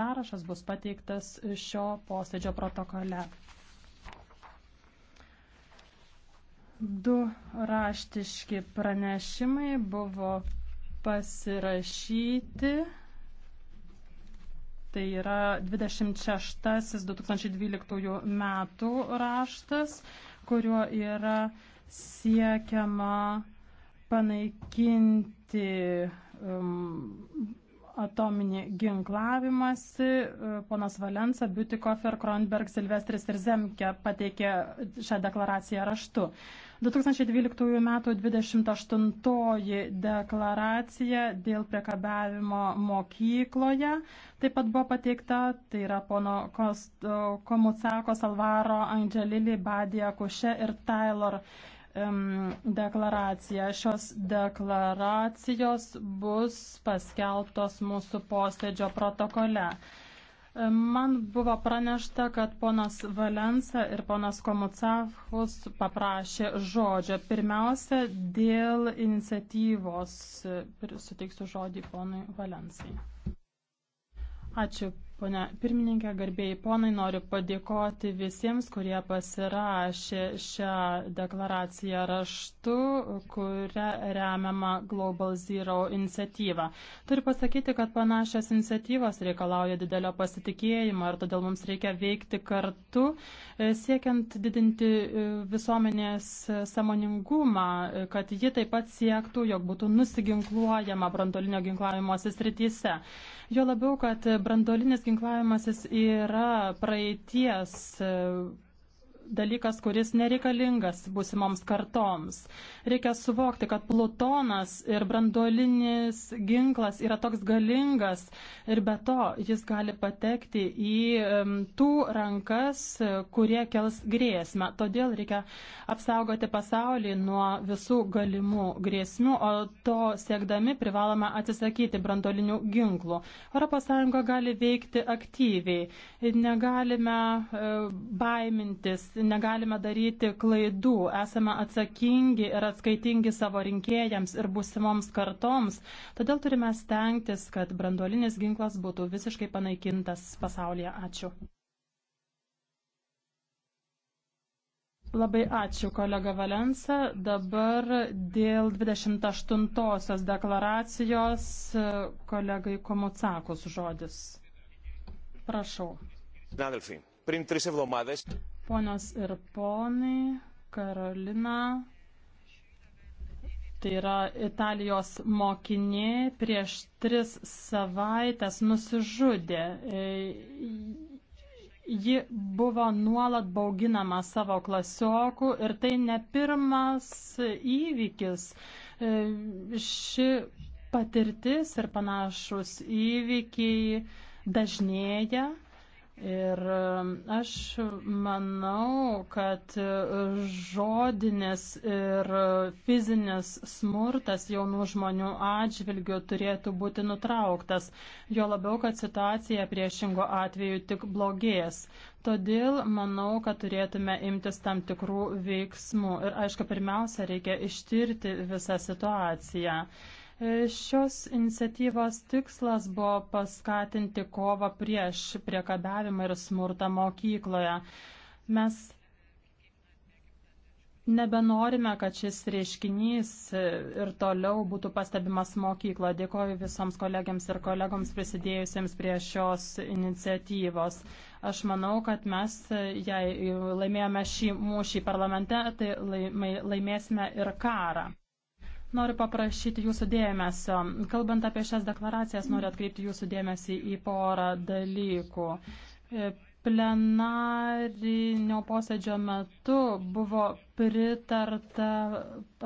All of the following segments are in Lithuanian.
Sąrašas bus pateiktas šio posėdžio protokole. Du raštiški pranešimai buvo pasirašyti. Tai yra 26-2012 metų raštas, kuriuo yra siekiama panaikinti um, atominį ginklavimąsi. E, ponas Valensa, Butikofer, Kronberg, Silvestris ir Zemke pateikė šią deklaraciją raštu. 2012 m. 28 deklaracija dėl priekabiavimo mokykloje taip pat buvo pateikta, tai yra pono Komucako, Salvaro, Angelili, Badija, Kuše ir Taylor deklaraciją. Šios deklaracijos bus paskelbtos mūsų posėdžio protokole. Man buvo pranešta, kad ponas Valensa ir ponas Komucafus paprašė žodžio. Pirmiausia, dėl iniciatyvos e, suteiksiu žodį ponui Valensai. Ačiū, Pone pirmininkė, garbėjai ponai, noriu padėkoti visiems, kurie pasirašė šią deklaraciją raštu, kuria remiama Global Zero iniciatyva. Turiu pasakyti, kad panašias iniciatyvas reikalauja didelio pasitikėjimo ir todėl mums reikia veikti kartu, e, siekiant didinti e, visuomenės samoningumą, e, kad ji taip pat siektų, jog būtų nusiginkluojama brandolinio ginklavimo sisrityse. Jo labiau, kad brandolinis ginklavimasis yra praeities dalykas, kuris nereikalingas būsimoms kartoms. Reikia suvokti, kad plutonas ir branduolinis ginklas yra toks galingas ir be to jis gali patekti į tų rankas, kurie kels grėsmę. Todėl reikia apsaugoti pasaulį nuo visų galimų grėsmių, o to siekdami privalome atsisakyti branduolinių ginklų. ES gali veikti aktyviai. Negalime e, baimintis negalime daryti klaidų, esame atsakingi ir atskaitingi savo rinkėjams ir būsimoms kartoms, todėl turime stengtis, kad brandolinis ginklas būtų visiškai panaikintas pasaulyje. Ačiū. Labai ačiū, kolega Valensa. Dabar dėl 28-osios deklaracijos e, kolegai Komucakus žodis. Prašau. Συνάδελφοι, πριν τρεις εβδομάδες... Ponios ir ponai, Karolina, tai yra Italijos mokinė, prieš tris savaitės nusižudė. Ji buvo nuolat bauginama savo klasiokų ir tai ne pirmas įvykis. Ši patirtis ir panašus įvykiai dažnėja Ir um, aš manau, kad uh, žodinis ir uh, fizinis smurtas jaunų žmonių atžvilgių turėtų būti nutrauktas, jo labiau, kad situacija priešingo atveju tik blogės. Todėl manau, kad turėtume imtis tam tikrų veiksmų. Ir aišku, pirmiausia, reikia ištirti visą situaciją. Šios iniciatyvos tikslas buvo paskatinti kovą prieš priekabiavimą ir smurtą mokykloje. Mes nebenorime, kad šis reiškinys ir toliau būtų pastebimas mokykloje. Dėkoju visoms kolegiams ir kolegoms prisidėjusiems prie šios iniciatyvos. Aš manau, kad mes, jei laimėjome šį mūšį parlamente, tai laimėsime ir karą. Noriu paprašyti jūsų dėmesio. Kalbant apie šias deklaracijas, noriu atkreipti jūsų dėmesį į porą dalykų. E, plenarinio posėdžio metu buvo pritarta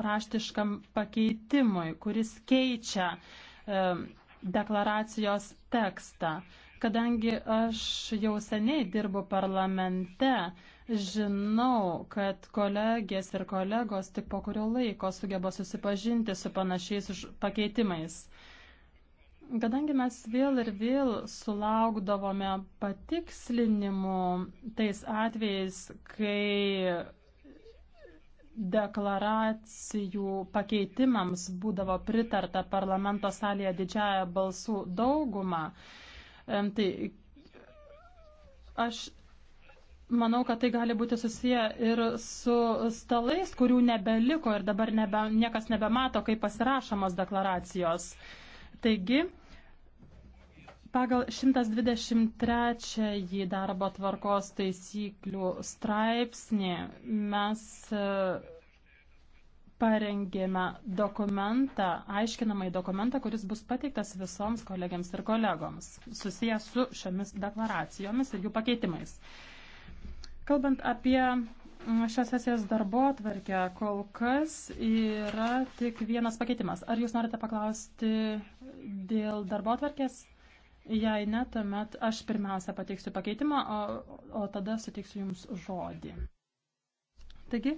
raštiškam pakeitimui, kuris keičia e, deklaracijos tekstą. Kadangi aš jau seniai dirbu parlamente, žinau, kad kolegės ir kolegos tik po kurio laiko sugeba susipažinti su panašiais pakeitimais. Kadangi mes vėl ir vėl sulaukdavome patikslinimų tais atvejais, kai deklaracijų pakeitimams būdavo pritarta parlamento salėje didžiaja balsų dauguma, Tai aš manau, kad tai gali būti susiję ir su stalais, kurių nebeliko ir dabar nebe, niekas nebemato, kaip pasirašomos deklaracijos. Taigi, pagal 123 darbo tvarkos taisyklių straipsnį mes parengėme dokumentą, aiškinamąjį dokumentą, kuris bus pateiktas visoms kolegiams ir kolegoms, susijęs su šiomis deklaracijomis ir jų pakeitimais. Kalbant apie mm, šios sesijos darbo atvarkę, kol kas yra tik vienas pakeitimas. Ar jūs norite paklausti dėl darbo atvarkės? Jei ne, tuomet aš pirmiausia pateiksiu pakeitimą, o, o tada suteiksiu jums žodį. Taigi,